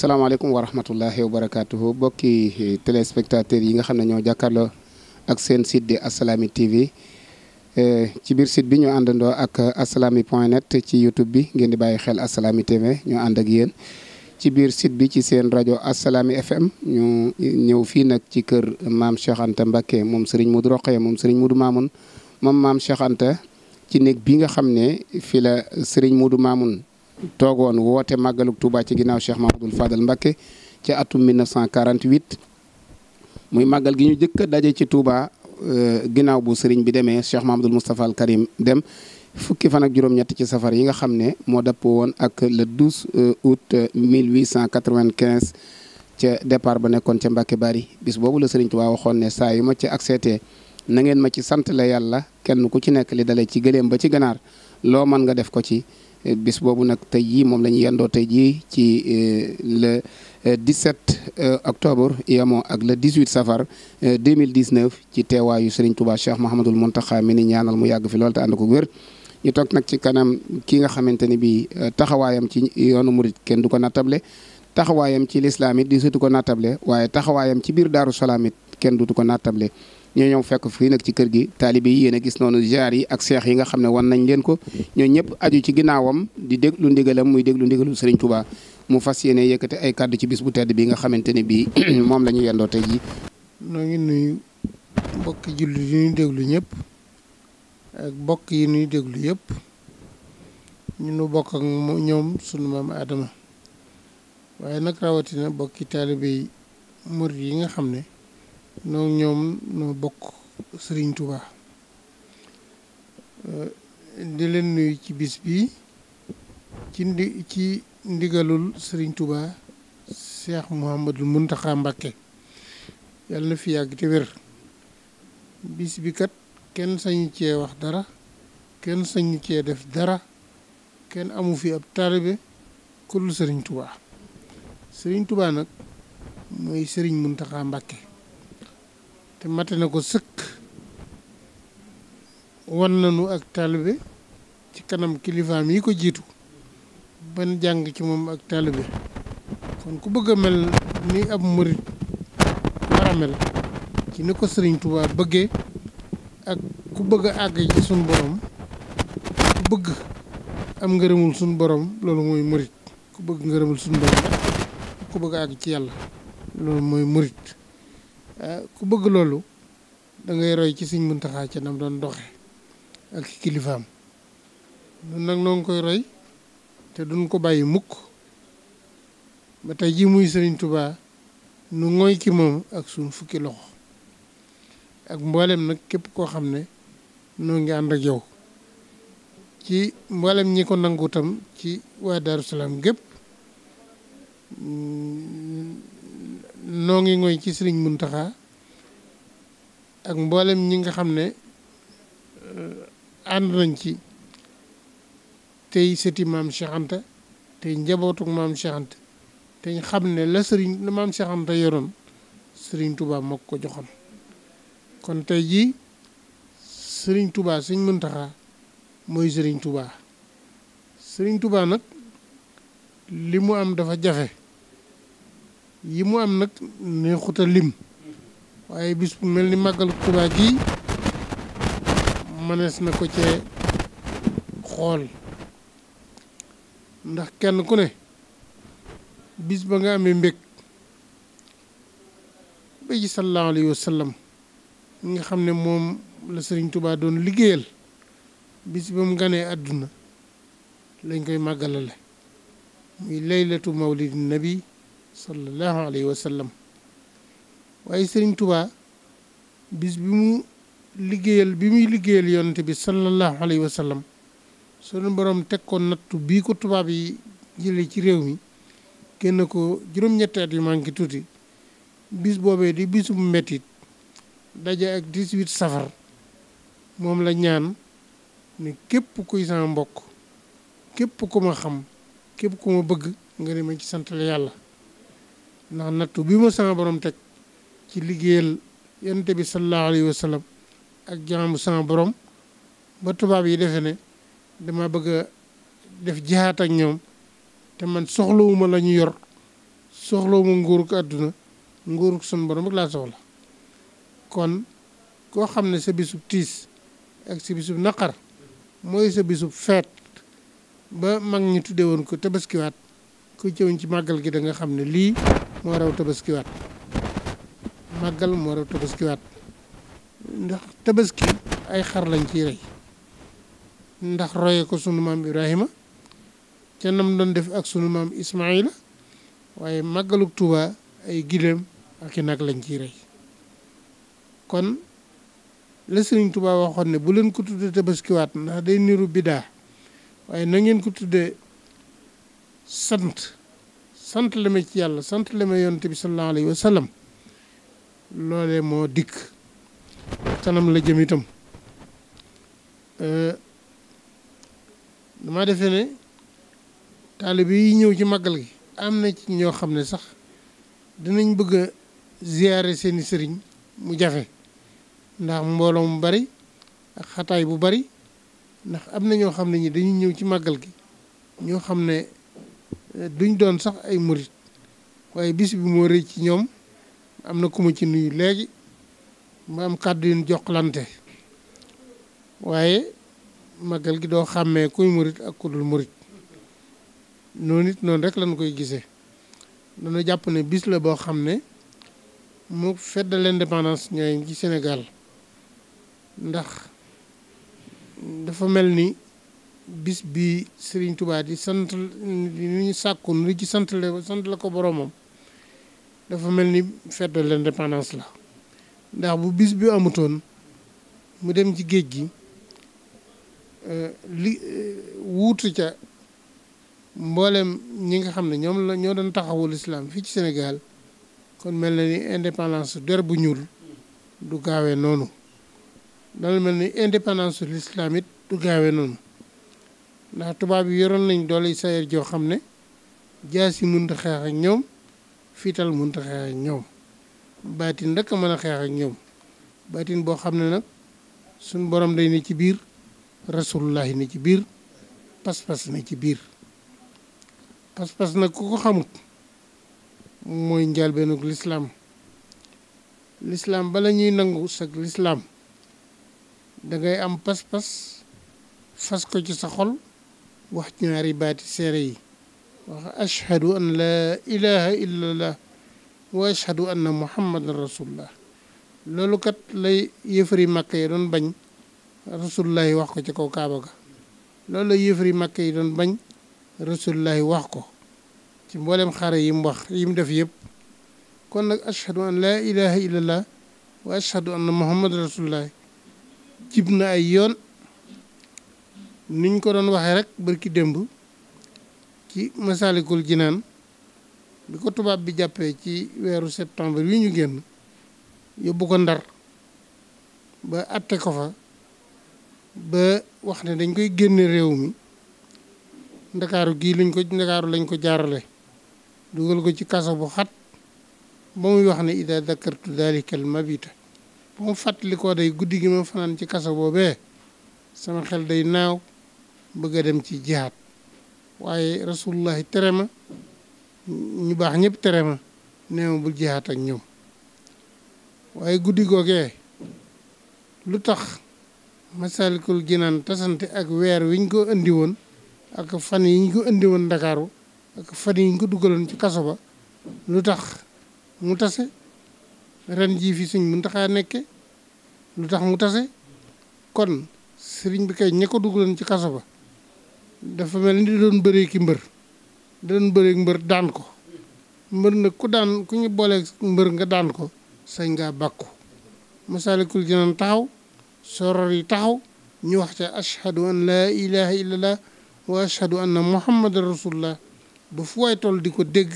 salaamaaleykum wa rahmatullahi wa barakaatuhu bokki eh, téléspectateurs yi nga xam ne ñoo jàkkaarloo ak seen site di Assalaamy TV eh, ci biir site bi ñu àndandoo ak Assalaamy point net ci YouTube bi ngeen di bàyyi xel Assalaamy TV ñu ànd ak yéen ci biir site bi ci seen rajo Assalaamy FM ñu ñëw fii nag ci kër maam Cheikh Anta moom Serigne Modou Rokhaya moom Serigne Modou Mamoun moom maam Cheikh ci néeg bi nga xam ne fii la Serigne Modou Mamoun toogoon woote màggalug Touba ci ginnaaw Cheikh Mahamadul Fadal Mbacké ca atum 1948 muy màggal gi ñu jëkk a daje ci Touba euh, ginnaaw bu sëriñ bi demee Cheikh Mahamadul Moustapha al Karim dem fukki fan ak juróom-ñett ci safar yi nga xam ne moo dëpp woon ak le 12 euh, août 1895 euh, ca départ ba nekkoon ca Mbacke Bari bis boobu la sëriñ waa waxoon ne saa yu ma ci accepté na ngeen ma ci sant la yàlla kenn ku ci nekk li dale ci gëléem ba ci ganaar loo mën nga def ko ci eh, bis boobu nag tey jii moom la ñu yendoo tey jii ci eh, le 17 eh, octobre yemoo ak le 18 safar 2019 ci teewaayu Serigne Touba Cheikh Mouhamadul Mountakha mi ni ñaanal mu yàgg fi lool te ànd ko wér. ñu toog nag ci kanam ki nga xamante ni bii taxawaayam ci yoonu murit kenn du ko nattable taxawaayam ci lislaam it di setu ko nattable waaye taxawaayam ci biir Daaru Salaam kenn dutu ko nattable. ñoo ñoom fekk fii nag ci kër gi taalibe yi yéen a gis noonu jaar yi ak seex yi nga xam ne wan nañ leen ko ñoo ñëpp aju ci ginnaawam di déglu ndigalam muy déglu ndigalu Serigne Touba mu fas yéene yëkkate ay kàddu ci bis bu tedd bi nga xamante ne bii moom la ñu yendoo tey jii. noo nuy nuyu mbokki jullit yi ñuy déglu ñëpp ak mbokk yi ñuy déglu yëpp ñu nu bokk ak ñoom sunu maam Adama waaye nag rawatina mbokki taalibe yi murid yi nga xam ne. noo ñoom noo bokk Serigne Touba euh, di leen nuyu ci bis bi ci ndi ci ndigalul sëriñ Touba Cheikh Mouhamadul Mountakha Mbacké yàlla na fi yàgg te wér bis bi kat kenn sañu cee wax dara kenn sañu cee def dara kenn amu fi ab taalibe ku sëriñ Serigne sëriñ Serigne nag mooy sëriñ Mountakha Mbacké te mate ko sëkk wan nañu ak taalibe ci kanam kilifaam yi ko jiitu ban jàng ci moom ak taalibe kon ku bëgg a mel ni ab morit war mel ci ni ko sëriñ Tuubaa bëggee ak ku bëgg a àgg ci suñ borom ku bëgg am ngërëmul sunu borom loolu mooy murit ku bëgg ngërëmul suñ borom ku bëgg àgg ci yàlla loolu mooy murit Eh, ku bëgg loolu dangay roy ci sëñ Muntaxa ca nam doon doxe ak kilifaam nun nag noo ngi koy roy te duñ ko bàyyi mukk ba tey ji muy sëriñ Tuubaa nu ngoy ci moom ak suñ fukki loxo ak mboolem nag képp koo xam ne noo ngi ànd ak yow ci mboolem ñi ko nangu tam ci waa Daaru gépp mm, noo ngi ngoy ci sëriñ Muntaxa ak mboolem ñi nga xam ne euh, ànd nañ ci tey sëti maam Cheikh Anta tey njabootuk maam Cheikh Anta xam ne la sëriñ la maam Cheikh Anta yoroon sëriñ Touba moo ko joxoon kon tey jii sëriñ tubaa sëñ Muntaxa mooy sëriñ Touba sëriñ tubaa nag li mu am dafa jafe yi mu am nag neexut a lim waaye bis bu mel ni màggal Tuubaa gi mënees na ko ci xool ndax kenn ku ne bis ba nga amee mbég ba ci sallallahu alayhi nga xam ne moom la sëriñ tubaa doon liggéeyal bis ba mu ganee àdduna lañ koy màggalale muy laylatu mawlidi nabi sallallahu alayhi wa sallam waaye sëriñ tubaa bis bi mu liggéeyal bi muy liggéeyal yonent bi sallallahu alayhi wa sallam sunu boroom teg ko nattu bii ko tubaab yi jële ci réew mi génn ko juróom-ñetti at yu manqué tuuti bis boobee di bisum mettit daje ak 18 safar moom la ñaan ne képp kuy sama mbokk képp ku ma xam képp ku ma bëgg nga ne ma ci sant yàlla ndax nattu bi ma sama borom teg ci liggéeyal yente bi sallallahu alayhi wa ak jaamu sama borom ba tubaab yi defe ne dama bëgg a def jihaat ak ñoom te man soxlawuma la ñu yor soxlawuma nguuruk àdduna nguuruk sun borom rek laa soxla kon koo xam ne sa bisub tiis ak sa bisub naqar mooy sa bisub feet ba mag ñi tudde woon ko tabaskiwaat ku jëwuñ ci màggal gi danga xam ne lii moo raw tabaskiwaat màggal moo raw tabaskiwaat ndax tabaski ay xar lañ ciy rey ndax roye ko sunu maam Ibrahima ca nam doon def ak sunu maam Ismaila waaye màggaluk Tuuba ay gileem ak i nag lañ ciy rey kon la Sëriñ tubaa waxoon ne bu leen ko tuddee tabaskiwaat ndax day niru bidaa waaye na ngeen ko tuddee sant sant la ci yàlla sant la ma yonent bi sallallahu alayhi wa moo dikk kanam la jëm itam dama defee ne taalibe yi ñëw ci màggal gi am na ci ñoo xam ne sax dinañ bëgg a ziyaare seeni sëriñ mu jafe ndax mbooloo mu bari ak xataay bu bari ndax am na ñoo xam ne ñi dañuy ñëw ci màggal gi ñoo xam ne duñ doon sax ay murit waaye bis bi moo rëy ci ñoom am na ku ma ci nuyu léegi ma am kàddu yu jokkalante waaye magal gi doo xàmmee kuy murit ak ku dul murit noonu it noonu rek lañ koy gisee dañoo jàpp ne bis la boo xam ne mu fête de l'indépendance ñooy ci senegal ndax dafa mel ni bis bi Serigne Touba yi sant li ci sant la sant la ko boroomam dafa mel ni fête de l'indépendance la ndax bu bis bi amutoon mu dem ci géej gi euh, li euh, wuutu ca mboolem ñi nga xam ne ñoom la ñoo doon taxawul islam fii ci senegal kon mel na ni indépendance der bu ñuul du gaawee noonu dana mel ni indépendance l'islam it du gaawee noonu ndax tubaab yi yoroon nañ doole sayer joo xam ne jaasi mënut a xeex ak ñoom fiital mënut a xeex ak ñoom baatin rek a mën a xeex ak baatin boo xam ne nag suñ borom day ne ci biir rasulullahi ne ci biir pas-pas ne ci biir pas-pas nag ku ko xamut mooy njëlbéenug lislaam lislaam bala ñuy nangu sag lislaam da ngay am pas-pas fas ko ci sa xol wax ñaari baati seere yi wax ashhadu an laa ilaha illallah wa ashhadu anna muhammadan rasulullah loolu kat lay yëfari màkk yi doon bañ rasulullah yi wax ko ci kaw kaaba ga loolu la yëfari màkk yi doon bañ rasulullah yi wax ko ci mboolem xare yi mu wax yi mu def yëpp kon nag ashhadu an laa ilaha illallah wa ashhadu anna muhammadan rasulullah jib na ay yoon niñ ko doon waxee rek bërki démb ci masalikul jinaan bi ko tubaab bi jàppee ci weeru septembre wi ñu génn yóbbu ko ndar ba atte ko fa ba wax ne dañ koy génn réew mi ndakaaru gii luñ ko ndakaaru lañ ko jaarale dugal ko ci kaso bu xat ba muy wax ne ida dakartu dalikal mabita ba mu fàttali koo day guddi gi ma fanaan ci kaso boobee sama xel day naaw bëgg a dem ci jihaad waaye rasulullahi tere ma ñu baax ñëpp tere ma nee ma bul jihaad ak ñëw waaye guddi googee lu tax masalikul ginaan tasante ak weer wiñ ko indi woon ak fan yi ñu ko indi woon ndakaaru ak fan yi ñu ko duggaloon ci kaso ba lu tax mu tase ren jii fi suñ Muntaxa nekke lu tax mu tase kon sëriñ bi kay ña ko dugaloon ci kaso ba dafa mel ni doon bëree ki mbër da doon bëree mbër daan ko mbër nag ku daan ku ñu booleeg mbër nga daan ko sañ ngaa bàkku masalikul jinan taxaw soror yi taxaw ñu wax ca ashhadu an laa ilaha illallah wa ashhadu ba fu di ko dégg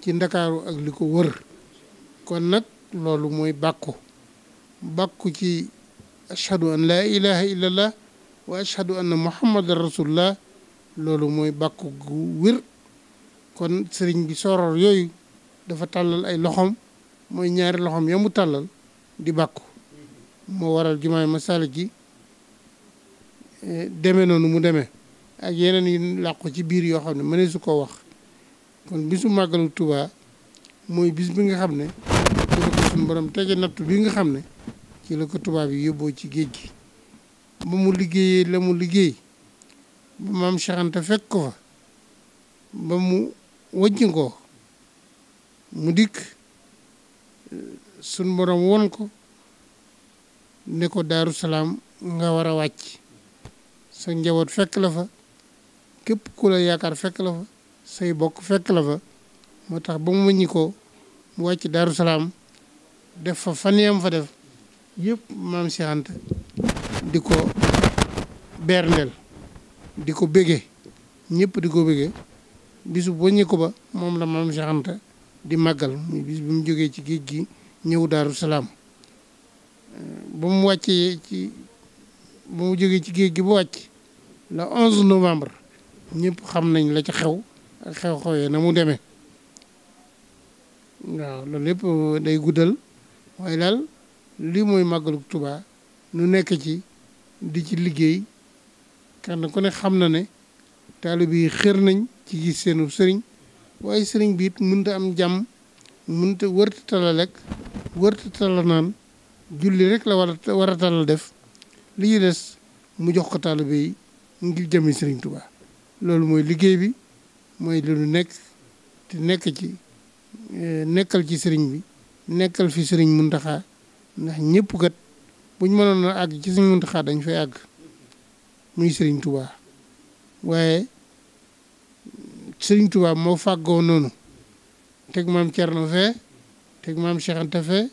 ci ndakaaru ak li ko wër kon nag loolu mooy bàkku ci ashhadu an laa ilaha illallah wa muhammadan rasulullah loolu mooy bàkku gu wér kon sëriñ bi soror yooyu dafa tàllal ay loxoom mooy ñaari loxoom ya mu tàllal di bàkku moo waral jumaay Masalik ji e, demee noonu mu deme ak yeneen yu làqu ci biir yoo xam ne su koo wax kon bisu màggalu Tuubaa mooy bis bi nga xam ne ci la nattu bi nga xam ne ci la ko tubaab yi yóbboo ci géej gi ba mu liggéeyee la mu liggéey ba maam Cheikh fekk ko fa ba mu wëññi mu dikk suñ boroom won ko ne ko Daaru Salaam nga war a wàcc sa njaboot fekk la fa képp ku yaakaar fekk la fa say bokk fekk la fa moo tax ba mu wëññi ko mu wàcc Daaru Salaam def fa fan yam fa def yëpp maam Cheikh di ko berndeel di ko bégee ñépp di ko bégee bisu ko ba moom la maam Cheikh di màggal muy bis bi mu jógee ci géej gi ñëw Daaru Salaam ba mu wàccee ci ba mu ci géej gi wàcc le 11 novembre ñëpp xam nañ la ci xew ak xew-xew yee na mu demee waaw loolu lépp day guddal waaye daal lii mooy màggalu Tuubaa nu nekk ci di ci liggéey kenn ku ne xam na ne taalibe yi xër nañ ci gis seenu sëriñ waaye sëriñ bi it mënta am jàmm mënta wërta tala lekk wërta tala naan julli rek la war def li ñu des mu jox ko taalibe yi ngir jëmi sëriñ Tuubaa loolu mooy liggéey bi mooy lu nekk te nekk ci e, nekkal ci sëriñ bi nekkal fi sëriñ Muntaxaa ndax ñëpp kat buñ mënoon a àgg ci sëriñ Muntaxaa dañ fay àgg muy Serigne Touba waaye Serigne Touba moo fàggoo noonu teg maam Thierno fee teg maam Cheikh Anta fee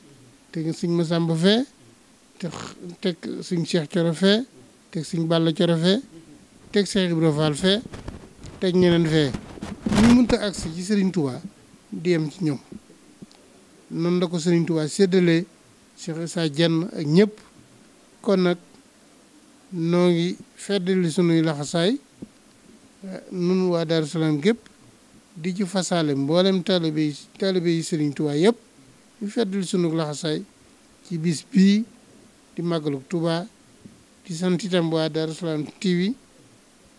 teg Sëñ Massamba fee te teg Sëñ Cheikh Thioro fee teg Sëñ Balla Thioro fee teg Cheikh Ibra Fall fee teg ñeneen fee ñu mënta agsi ci Serigne Touba di yem ci ñoom noonu la ko Serigne Touba séddalee Cheikh Issa Dieng ak ñëpp kon nag noo ngi feddali sunuy laxasaay nun waa Daaru Salaam gépp di ci fasaale mboolem taalibe yi taalibe yi Sëriñ Tuubaa yëpp ñu feddali sunu laxasaay ci bis bii di màggalu Tuubaa di sant itam waa Daaru Salaam TV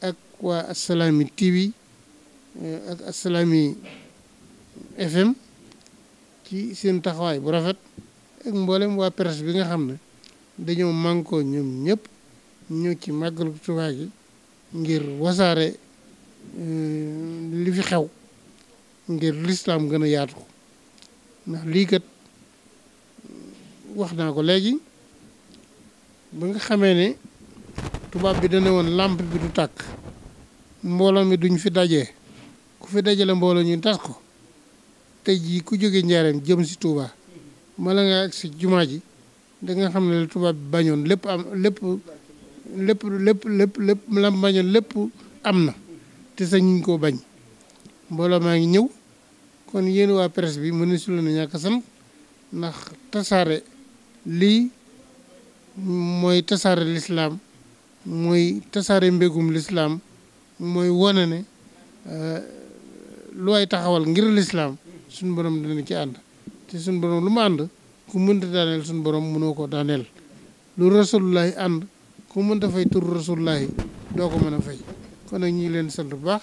ak waa Assalaamy TV eh, ak Assalaamy FM ci seen taxawaay bu rafet ak mboolem waa presse bi nga xam ne dañoo mànkoo ñoom ñëpp ñëw ci màggalu Tuubaa gi ngir wasaare eh, li fi xew ngir lislaam gën a yaatu ndax lii kat wax naa ko léegi ba nga xamee ne tubaab bi dana woon làmp bi du tàkk mbooloo mi duñ fi dajee ku fi dajale mbooloo ñu tas ko te jii ku jóge njaareem jëm si Touba mala nga ak si jumaa ji da xam ne la tubaab bi bañoon lépp am lépp lépp lépp lépp lépp lam bañoon lépp am na te sañuñ koo bañ mbooloo maa ngi ñëw kon yéen waa presse bi mën na si leen a ñàkk sant ndax tasaare lii mooy tasaare lislaam mooy tasaare mbégum lislaam mooy wane ne euh, lu waay taxawal ngir lislaam suñ borom dana ci ànd te suñ borom lu mu ànd ku mënta daaneel suñ borom mënoo ko daaneel lu rasulullahi ànd ku mën a fay tur rasulullahi doo ko mën a fay kon nag ñu leen sant bu baax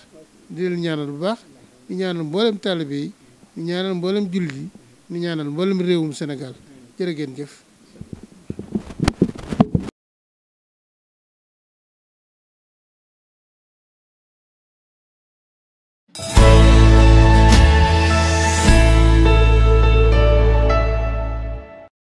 di leen ñaanal bu baax di ñaanal mboolem taalibe yi ñu ñaanal mboolem jullit yi ñu ñaanal mboolem réewum Sénégal jërë ngeen jëf.